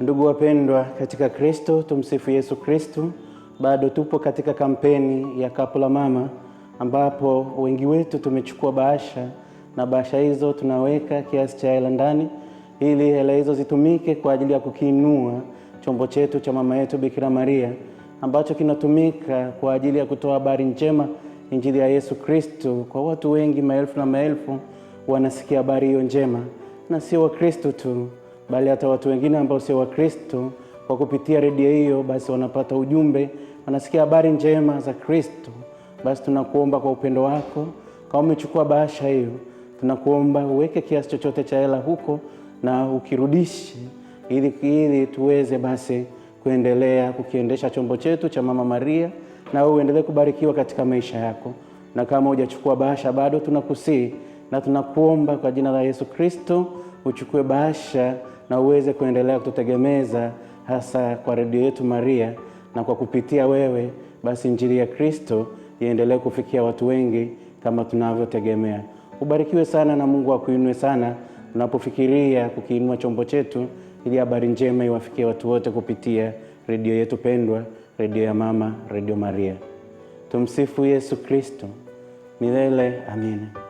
Ndugu wapendwa katika Kristo, tumsifu Yesu Kristo. Bado tupo katika kampeni ya Kapu la Mama ambapo wengi wetu tumechukua bahasha na bahasha hizo tunaweka kiasi cha hela ndani, ili hela hizo zitumike kwa ajili ya kukiinua chombo chetu cha mama yetu Bikira Maria ambacho kinatumika kwa ajili ya kutoa habari njema, injili ya Yesu Kristo kwa watu wengi. Maelfu na maelfu wanasikia habari hiyo njema, na sio Wakristo tu bali hata watu wengine ambao sio Wakristo kwa kupitia redio hiyo, basi wanapata ujumbe, wanasikia habari njema za Kristo. Basi tunakuomba kwa upendo wako, kama umechukua bahasha hiyo, tunakuomba uweke kiasi chochote cha hela huko na ukirudishe, ili ili tuweze basi kuendelea kukiendesha chombo chetu cha Mama Maria, na wewe uendelee kubarikiwa katika maisha yako. Na kama hujachukua bahasha bado, tunakusii na tunakuomba kwa jina la Yesu Kristo uchukue bahasha na uweze kuendelea kututegemeza hasa kwa redio yetu Maria, na kwa kupitia wewe basi injili ya Kristo iendelee kufikia watu wengi kama tunavyotegemea. Ubarikiwe sana na Mungu akuinue sana unapofikiria kukiinua chombo chetu, ili habari njema iwafikie watu wote kupitia redio yetu pendwa, redio ya mama, redio Maria. Tumsifu Yesu Kristo milele. Amina.